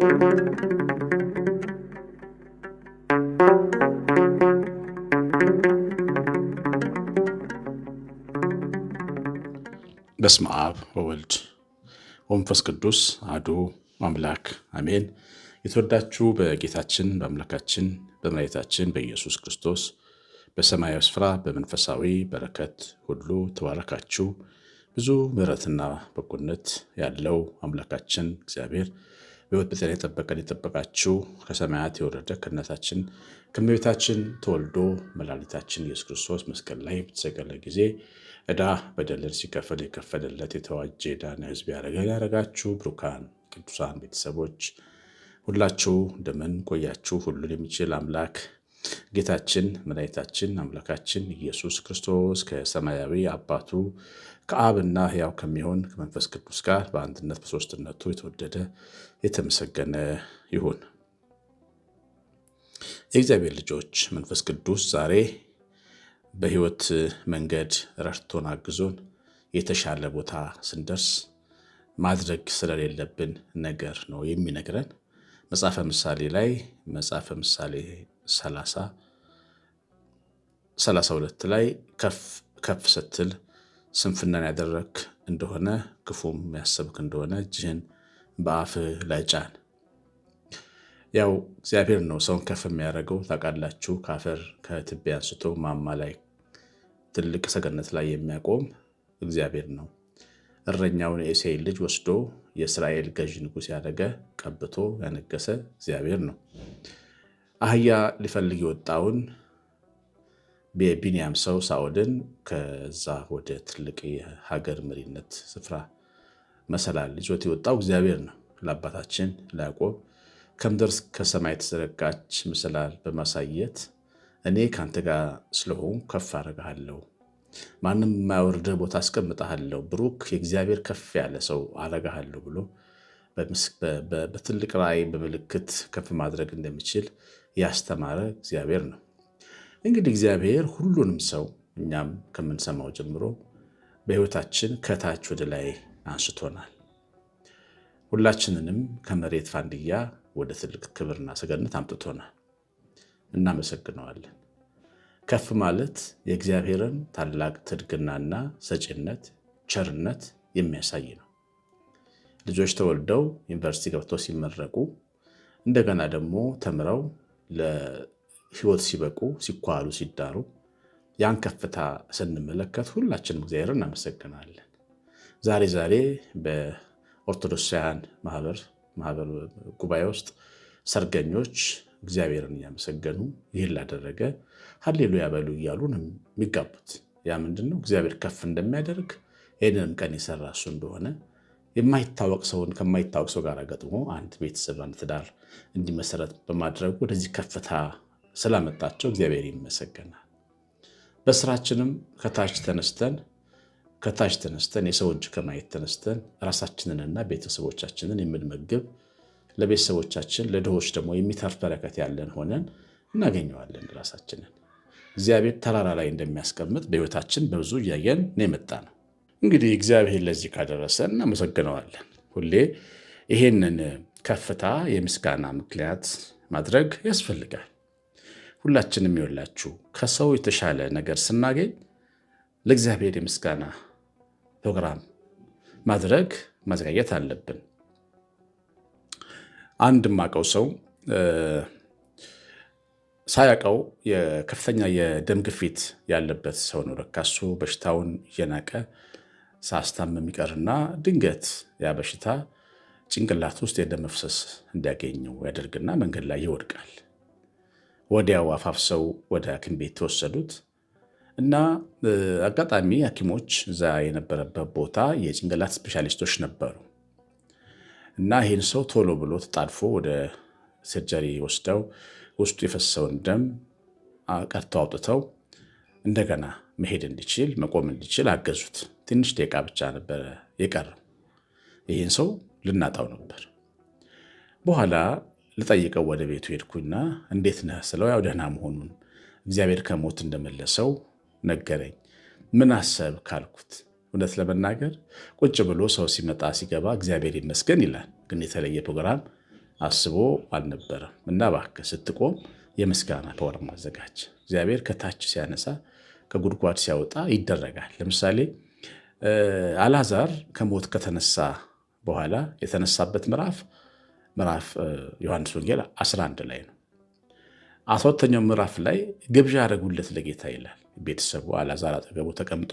በስመ አብ ወወልድ ወመንፈስ ቅዱስ አሐዱ አምላክ አሜን። የተወዳችሁ በጌታችን በአምላካችን በመድኃኒታችን በኢየሱስ ክርስቶስ በሰማያዊ ስፍራ በመንፈሳዊ በረከት ሁሉ ተባረካችሁ። ብዙ ምሕረትና በጎነት ያለው አምላካችን እግዚአብሔር በሕይወት በጤና የጠበቀን የጠበቃችሁ ከሰማያት የወረደ ከእናታችን ከእመቤታችን ተወልዶ መድኃኒታችን ኢየሱስ ክርስቶስ መስቀል ላይ በተሰቀለ ጊዜ ዕዳ በደልን ሲከፍል የከፈለለት የተዋጀ ዕዳን ሕዝብ ያደረገ ያደረጋችሁ ብሩካን ቅዱሳን ቤተሰቦች ሁላችሁ እንደምን ቆያችሁ? ሁሉን የሚችል አምላክ ጌታችን መድኃኒታችን አምላካችን ኢየሱስ ክርስቶስ ከሰማያዊ አባቱ ከአብና ሕያው ከሚሆን ከመንፈስ ቅዱስ ጋር በአንድነት በሦስትነቱ የተወደደ የተመሰገነ ይሁን። የእግዚአብሔር ልጆች መንፈስ ቅዱስ ዛሬ በሕይወት መንገድ ረድቶን አግዞን የተሻለ ቦታ ስንደርስ ማድረግ ስለሌለብን ነገር ነው የሚነግረን። መጽሐፈ ምሳሌ ላይ መጽሐፈ ምሳሌ 32 ላይ ከፍ ስትል ስንፍናን ያደረግክ እንደሆነ ክፉም ያሰብክ እንደሆነ እጅህን በአፍህ ላይ ጫን። ያው እግዚአብሔር ነው ሰውን ከፍ የሚያደርገው ታውቃላችሁ። ከአፈር ከትቢያ አንስቶ ማማ ላይ ትልቅ ሰገነት ላይ የሚያቆም እግዚአብሔር ነው። እረኛውን የእሴይ ልጅ ወስዶ የእስራኤል ገዢ ንጉሥ ያደረገ ቀብቶ ያነገሰ እግዚአብሔር ነው። አህያ ሊፈልግ የወጣውን የቢንያም ሰው ሳኦልን ከዛ ወደ ትልቅ የሀገር መሪነት ስፍራ መሰላል ልጆት የወጣው እግዚአብሔር ነው። ለአባታችን ለያዕቆብ ከምድር ከሰማይ የተዘረጋች ምስላል በማሳየት እኔ ከአንተ ጋር ስለሆንኩ ከፍ አደርግሃለሁ፣ ማንም የማያወርድህ ቦታ አስቀምጠሃለሁ፣ ብሩክ የእግዚአብሔር ከፍ ያለ ሰው አደርግሃለሁ ብሎ በትልቅ ራእይ በምልክት ከፍ ማድረግ እንደሚችል ያስተማረ እግዚአብሔር ነው። እንግዲህ እግዚአብሔር ሁሉንም ሰው እኛም ከምንሰማው ጀምሮ በሕይወታችን ከታች ወደ ላይ አንስቶናል። ሁላችንንም ከመሬት ፋንድያ ወደ ትልቅ ክብርና ሰገነት አምጥቶናል። እናመሰግነዋለን። ከፍ ማለት የእግዚአብሔርን ታላቅ ትድግናና ሰጪነት፣ ቸርነት የሚያሳይ ነው። ልጆች ተወልደው ዩኒቨርሲቲ ገብተው ሲመረቁ እንደገና ደግሞ ተምረው ለህይወት ሲበቁ ሲኳሉ ሲዳሩ ያን ከፍታ ስንመለከት ሁላችንም እግዚአብሔር እናመሰግናለን። ዛሬ ዛሬ በኦርቶዶክሳውያን ማህበር ማህበር ጉባኤ ውስጥ ሰርገኞች እግዚአብሔርን እያመሰገኑ ይህን ላደረገ ሀሌሉያ በሉ እያሉ ነው የሚጋቡት። ያ ምንድነው እግዚአብሔር ከፍ እንደሚያደርግ ይህንንም ቀን የሰራ እሱ እንደሆነ የማይታወቅ ሰውን ከማይታወቅ ሰው ጋር ገጥሞ አንድ ቤተሰብ አንድ ትዳር እንዲመሰረት በማድረጉ ወደዚህ ከፍታ ስላመጣቸው እግዚአብሔር ይመሰገናል። በስራችንም ከታች ተነስተን ከታች ተነስተን የሰው እጅ ከማየት ተነስተን ራሳችንንና ቤተሰቦቻችንን የምንመግብ ለቤተሰቦቻችን ለድሆች ደግሞ የሚተርፍ በረከት ያለን ሆነን እናገኘዋለን። ራሳችንን እግዚአብሔር ተራራ ላይ እንደሚያስቀምጥ በህይወታችን በብዙ እያየን ነው የመጣ ነው። እንግዲህ እግዚአብሔር ለዚህ ካደረሰን እናመሰግነዋለን። ሁሌ ይሄንን ከፍታ የምስጋና ምክንያት ማድረግ ያስፈልጋል። ሁላችንም ይወላችሁ ከሰው የተሻለ ነገር ስናገኝ ለእግዚአብሔር የምስጋና ፕሮግራም ማድረግ ማዘጋጀት አለብን። አንድ ማቀው ሰው ሳያውቀው ከፍተኛ የደም ግፊት ያለበት ሰው ነው። ለካ እሱ በሽታውን እየናቀ ሳስታም የሚቀርና ድንገት ያ በሽታ ጭንቅላት ውስጥ የደም መፍሰስ እንዲያገኘው ያደርግና መንገድ ላይ ይወድቃል። ወዲያው አፋፍሰው ወደ ሐኪም ቤት ተወሰዱት እና አጋጣሚ ሐኪሞች እዛ የነበረበት ቦታ የጭንቅላት ስፔሻሊስቶች ነበሩ እና ይህን ሰው ቶሎ ብሎ ተጣድፎ ወደ ሰርጀሪ ወስደው ውስጡ የፈሰሰውን ደም ቀድተው አውጥተው እንደገና መሄድ እንዲችል መቆም እንዲችል አገዙት። ትንሽ ደቂቃ ብቻ ነበረ የቀረው። ይህን ሰው ልናጣው ነበር። በኋላ ልጠይቀው ወደ ቤቱ ሄድኩና እንዴት ነህ ስለው ያው ደህና መሆኑን እግዚአብሔር ከሞት እንደመለሰው ነገረኝ። ምን አሰብ ካልኩት እውነት ለመናገር ቁጭ ብሎ ሰው ሲመጣ ሲገባ እግዚአብሔር ይመስገን ይላል። ግን የተለየ ፕሮግራም አስቦ አልነበረም እና እባክህ ስትቆም የምስጋና ፕሮግራም አዘጋጅ። እግዚአብሔር ከታች ሲያነሳ ከጉድጓድ ሲያወጣ ይደረጋል። ለምሳሌ አላዛር ከሞት ከተነሳ በኋላ የተነሳበት ምዕራፍ ምዕራፍ ዮሐንስ ወንጌል 11 ላይ ነው። አስራ ሁለተኛው ምዕራፍ ላይ ግብዣ አደረጉለት ለጌታ ይላል። ቤተሰቡ አላዛር አጠገቡ ተቀምጦ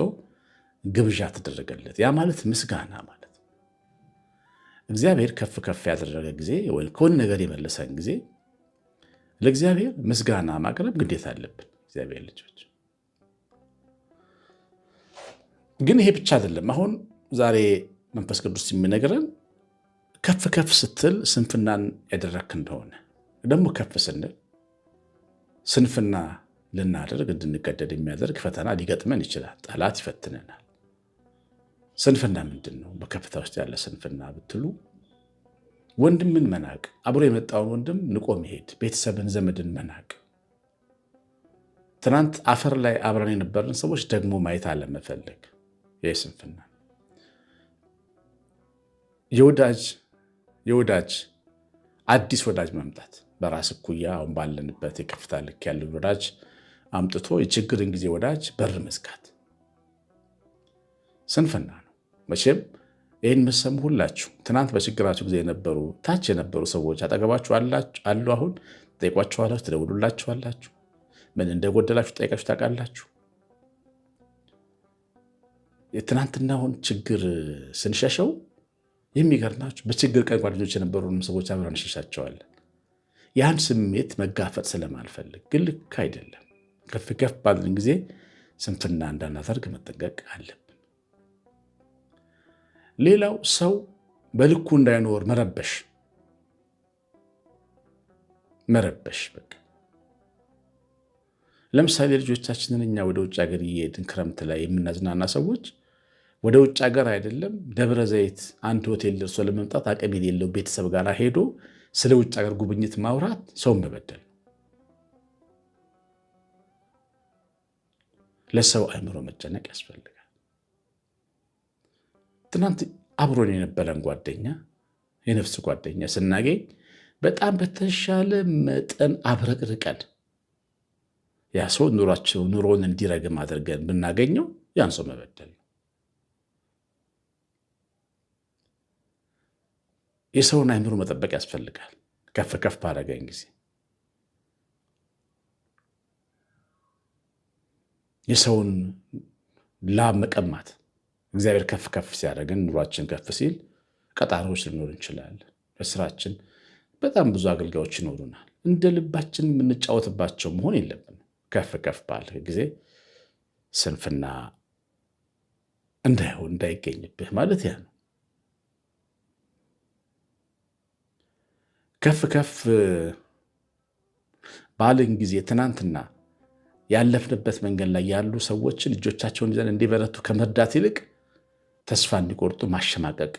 ግብዣ ተደረገለት። ያ ማለት ምስጋና ማለት እግዚአብሔር ከፍ ከፍ ያደረገ ጊዜ ወይም ከሆነ ነገር የመለሰን ጊዜ ለእግዚአብሔር ምስጋና ማቅረብ ግዴታ አለብን። እግዚአብሔር ልጆች ግን ይሄ ብቻ አይደለም። አሁን ዛሬ መንፈስ ቅዱስ የሚነግረን ከፍ ከፍ ስትል ስንፍናን ያደረክ እንደሆነ ደግሞ ከፍ ስንል ስንፍና ልናደርግ እንድንገደድ የሚያደርግ ፈተና ሊገጥመን ይችላል። ጠላት ይፈትነናል። ስንፍና ምንድን ነው? በከፍታ ውስጥ ያለ ስንፍና ብትሉ ወንድምን መናቅ፣ አብሮ የመጣውን ወንድም ንቆ መሄድ፣ ቤተሰብን፣ ዘመድን መናቅ፣ ትናንት አፈር ላይ አብረን የነበርን ሰዎች ደግሞ ማየት አለመፈለግ የስንፍና የወዳጅ የወዳጅ አዲስ ወዳጅ መምጣት በራስ እኩያ አሁን ባለንበት የከፍታ ልክ ያለን ወዳጅ አምጥቶ የችግርን ጊዜ ወዳጅ በር መዝጋት ስንፍና ነው። መቼም ይህን ምሰሙ ሁላችሁ ትናንት በችግራችሁ ጊዜ የነበሩ ታች የነበሩ ሰዎች አጠገባችሁ አሉ። አሁን ጠይቋችኋላችሁ፣ ትደውሉላችኋላችሁ፣ ምን እንደጎደላችሁ ጠይቃችሁ ታውቃላችሁ። የትናንትናውን ችግር ስንሸሸው የሚገርናችሁ በችግር ቀን ጓደኞች የነበሩ ሰዎች አብረን እንሸሻቸዋለን። ያን ስሜት መጋፈጥ ስለማልፈልግ ግን ልክ አይደለም። ከፍ ከፍ ባለን ጊዜ ስንፍና እንዳናደርግ መጠንቀቅ አለብን። ሌላው ሰው በልኩ እንዳይኖር መረበሽ መረበሽ በቃ ለምሳሌ ልጆቻችንን እኛ ወደ ውጭ ሀገር እየሄድን ክረምት ላይ የምናዝናና ሰዎች ወደ ውጭ ሀገር አይደለም ደብረ ዘይት አንድ ሆቴል ደርሶ ለመምጣት አቅም የሌለው ቤተሰብ ጋር ሄዶ ስለ ውጭ ሀገር ጉብኝት ማውራት ሰውን መበደል፣ ለሰው አእምሮ መጨነቅ ያስፈልጋል። ትናንት አብሮን የነበረን ጓደኛ የነፍስ ጓደኛ ስናገኝ በጣም በተሻለ መጠን አብረቅርቀን ያ ሰው ኑሯቸው ኑሮን እንዲረግም አድርገን ብናገኘው ያን ሰው መበደል የሰውን አይምሮ መጠበቅ ያስፈልጋል። ከፍ ከፍ ባረገኝ ጊዜ የሰውን ላብ መቀማት እግዚአብሔር ከፍ ከፍ ሲያደርገን ኑሯችን ከፍ ሲል ቀጣሪዎች ልኖር እንችላለን። በስራችን በጣም ብዙ አገልጋዮች ይኖሩናል። እንደ ልባችን የምንጫወትባቸው መሆን የለብን። ከፍ ከፍ ባለ ጊዜ ስንፍና እንዳይሆን እንዳይገኝብህ ማለት ያ ነው። ከፍ ከፍ ባልን ጊዜ ትናንትና ያለፍንበት መንገድ ላይ ያሉ ሰዎች ልጆቻቸውን ይዘን እንዲበረቱ ከመርዳት ይልቅ ተስፋ እንዲቆርጡ ማሸማቀቅ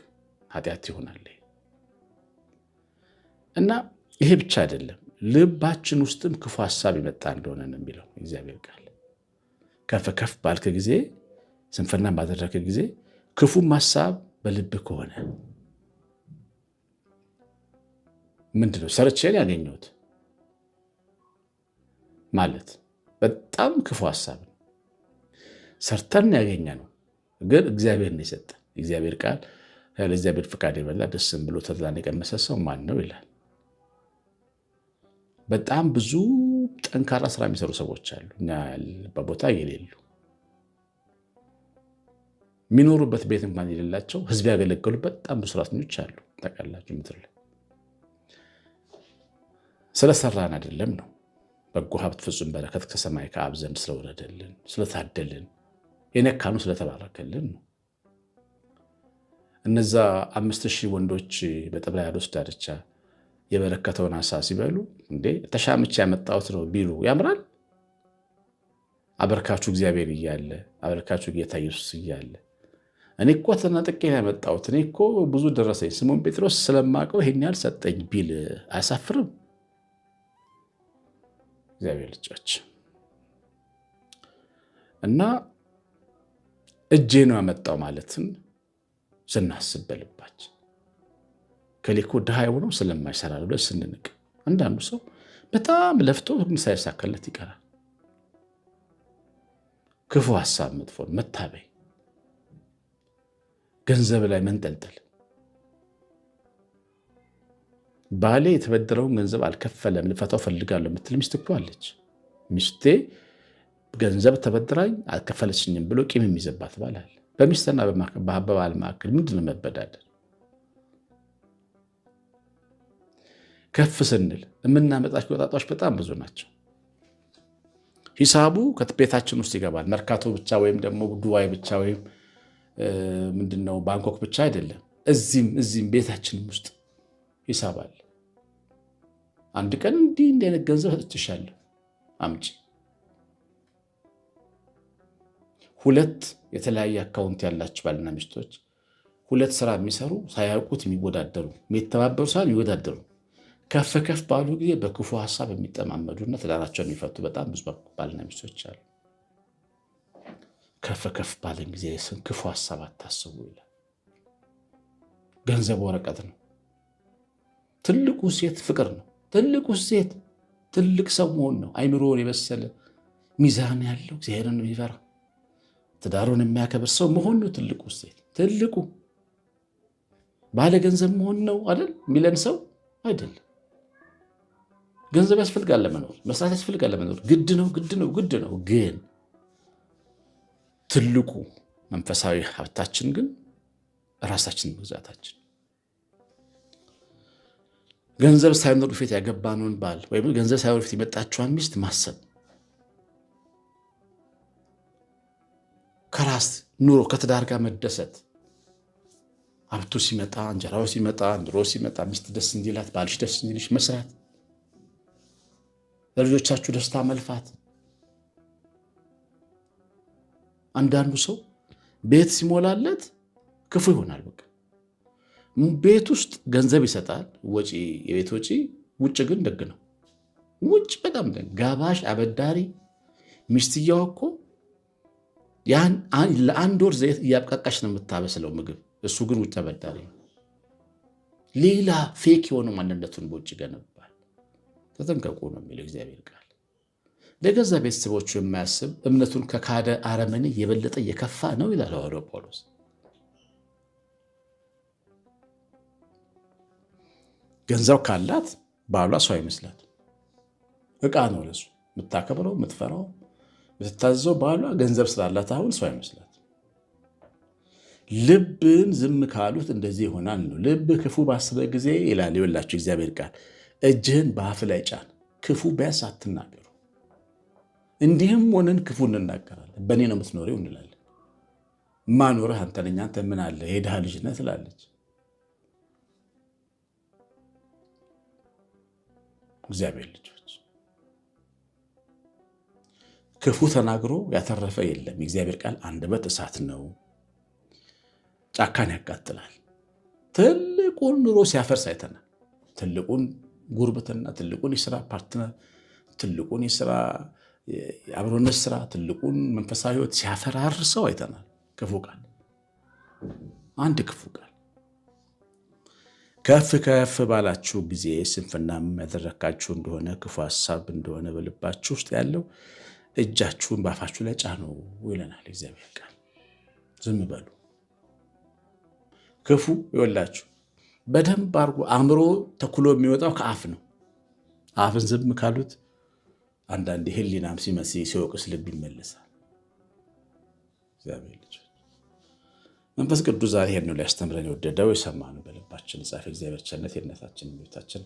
ኃጢአት ይሆናል። እና ይሄ ብቻ አይደለም፣ ልባችን ውስጥም ክፉ ሀሳብ የመጣ እንደሆነ ነው የሚለው እግዚአብሔር ቃል። ከፍ ከፍ ባልክ ጊዜ፣ ስንፍና ባደረግህ ጊዜ ክፉም ሀሳብ በልብህ ከሆነ ምንድን ነው ሰርቼን ያገኘሁት ማለት በጣም ክፉ ሀሳብ ነው። ሰርተን ያገኘ ነው ግን እግዚአብሔር ነው የሰጠ። እግዚአብሔር ቃል ለእግዚአብሔር ፍቃድ የበላ ደስም ብሎ ተድላን የቀመሰ ሰው ማን ነው ይላል። በጣም ብዙ ጠንካራ ስራ የሚሰሩ ሰዎች አሉ፣ እኛ ያለበት ቦታ የሌሉ የሚኖሩበት ቤት እንኳን የሌላቸው ህዝብ ያገለገሉ በጣም ብዙ ሰራተኞች አሉ። ታውቃላችሁ ምድር ላይ ስለሰራን አይደለም ነው። በጎ ሀብት ፍጹም በረከት ከሰማይ ከአብ ዘንድ ስለወረደልን፣ ስለታደልን፣ የነካኑ ስለተባረከልን ነው። እነዛ አምስት ሺህ ወንዶች በጥብርያዶስ ዳርቻ የበረከተውን አሳ ሲበሉ እንዴ ተሻምቼ ያመጣሁት ነው ቢሉ ያምራል? አበርካቹ እግዚአብሔር እያለ አበርካቹ ጌታ ኢየሱስ እያለ እኔ እኮ ተናጥቄ ያመጣሁት እኔ እኮ ብዙ ደረሰኝ ስሞን ጴጥሮስ ስለማውቀው ይሄን ያህል ሰጠኝ ቢል አያሳፍርም? እግዚአብሔር ልጆች እና እጄ ነው ያመጣው ማለትን ስናስብ በልባች ከሌኮ ድሃ የሆነው ስለማይሰራ ብለ ስንንቅ፣ አንዳንዱ ሰው በጣም ለፍቶ ግን ሳይሳካለት ይቀራል። ክፉ ሀሳብ፣ መጥፎን፣ መታበይ፣ ገንዘብ ላይ መንጠልጠል ባሌ የተበደረውን ገንዘብ አልከፈለም ልፈታው ፈልጋለሁ የምትል ሚስት እኮ አለች። ሚስቴ ገንዘብ ተበድራኝ አልከፈለችኝም ብሎ ቂም የሚይዘባት ባል አለ። በሚስትና በባል መካከል ምንድን መበዳደር? ከፍ ስንል የምናመጣቸው ወጣጣዎች በጣም ብዙ ናቸው። ሂሳቡ ከቤታችን ውስጥ ይገባል። መርካቶ ብቻ ወይም ደግሞ ዱባይ ብቻ ወይም ምንድነው ባንኮክ ብቻ አይደለም። እዚህም እዚህም ቤታችን ውስጥ ሂሳብ አለ። አንድ ቀን እንዲህ እንዲህ ገንዘብ ሰጥቼሻለሁ አምጪ። ሁለት የተለያየ አካውንት ያላቸው ባልና ሚስቶች ሁለት ስራ የሚሰሩ ሳያውቁት የሚወዳደሩ የሚተባበሩ ሳይሆን የሚወዳደሩ ከፍ ከፍ ባሉ ጊዜ በክፉ ሀሳብ የሚጠማመዱና ትዳራቸውን የሚፈቱ በጣም ብዙ ባልና ሚስቶች አሉ። ከፍ ከፍ ባለን ጊዜ ስን ክፉ ሀሳብ አታስቡ ይላል። ገንዘብ ወረቀት ነው። ትልቁ ሴት ፍቅር ነው። ትልቁ ሴት ትልቅ ሰው መሆን ነው። አይምሮን የበሰለ ሚዛን ያለው እግዚአብሔርን የሚፈራ ትዳሩን የሚያከብር ሰው መሆን ነው ትልቁ ሴት። ትልቁ ባለ ገንዘብ መሆን ነው አይደል የሚለን ሰው አይደለም። ገንዘብ ያስፈልጋል ለመኖር፣ መስራት ያስፈልጋል ለመኖር። ግድ ነው ግድ ነው ግድ ነው። ግን ትልቁ መንፈሳዊ ሀብታችን ግን ራሳችን መግዛታችን ገንዘብ ሳይኖር ፊት ያገባነውን ባል ወይም ገንዘብ ሳይኖር ፊት የመጣችኋን ሚስት ማሰብ ከራስ ኑሮ ከትዳር ጋር መደሰት ሀብቱ ሲመጣ እንጀራው ሲመጣ ኑሮ ሲመጣ ሚስት ደስ እንዲላት ባልሽ ደስ እንዲልሽ መስራት ለልጆቻችሁ ደስታ መልፋት። አንዳንዱ ሰው ቤት ሲሞላለት ክፉ ይሆናል በቃ ቤት ውስጥ ገንዘብ ይሰጣል፣ ወጪ የቤት ወጪ። ውጭ ግን ደግ ነው። ውጭ በጣም ጋባሽ፣ አበዳሪ። ሚስትየዋ እኮ ለአንድ ወር ዘይት እያብቃቃሽ ነው የምታበስለው ምግብ። እሱ ግን ውጭ አበዳሪ ሌላ ፌክ የሆነ ማንነቱን በውጭ ገነባል። ተጠንቀቁ ነው የሚለው እግዚአብሔር ቃል። ለገዛ ቤተሰቦቹ የማያስብ እምነቱን ከካደ አረመኔ የበለጠ የከፋ ነው ይላል ሐዋርያው ጳውሎስ። ገንዘብ ካላት ባሏ ሰው አይመስላት፣ እቃ ነው ለሱ የምታከብረው የምትፈራው የምትታዘዘው። ባሏ ገንዘብ ስላላት አሁን ሰው አይመስላት። ልብን ዝም ካሉት እንደዚህ ይሆናል ነው። ልብ ክፉ ባሰበ ጊዜ ይላል የወላችሁ እግዚአብሔር ቃል እጅህን በአፍ ላይ ጫን፣ ክፉ ቢያስ አትናገሩ። እንዲህም ሆነን ክፉ እንናገራለን። በእኔ ነው የምትኖሪው እንላለን። ማኖርህ አንተ ነኝ፣ አንተ ምን አለ ሄድሃ ልጅነት ትላለች። እግዚአብሔር ልጆች ክፉ ተናግሮ ያተረፈ የለም። የእግዚአብሔር ቃል አንደበት እሳት ነው፣ ጫካን ያቃጥላል። ትልቁን ኑሮ ሲያፈርስ አይተናል። ትልቁን ጉርብትና፣ ትልቁን የስራ ፓርትነር፣ ትልቁን የስራ የአብሮነት ስራ፣ ትልቁን መንፈሳዊ ህይወት ሲያፈራርሰው አይተናል። ክፉ ቃል፣ አንድ ክፉ ቃል ከፍ ከፍ ባላችሁ ጊዜ ስንፍናም ያደረካችሁ እንደሆነ ክፉ ሀሳብ እንደሆነ በልባችሁ ውስጥ ያለው እጃችሁን በአፋችሁ ላይ ጫኑ ይለናል እግዚአብሔር ቃል። ዝም በሉ። ክፉ ይወላችሁ በደንብ አድርጎ አእምሮ ተኩሎ የሚወጣው ከአፍ ነው። አፍን ዝም ካሉት አንዳንዴ ህሊናም ሲመስ ሲወቅስ ልብ ይመለሳል። እግዚአብሔር ልጅ መንፈስ ቅዱስ ዛሬ ይሄን ነው ሊያስተምረን የወደደው የሰማነው በልባችን ጻፍ እግዚአብሔር ቸርነት የእነታችን ቤታችን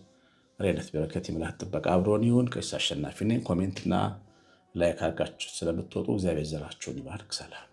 ሬነት በረከት የመላእክት ጥበቃ አብሮን ይሁን። ቀሲስ አሸናፊ ነኝ። ኮሜንትና ላይክ አድርጋችሁ ስለምትወጡ እግዚአብሔር ዘራችሁን ይባርክ። ሰላም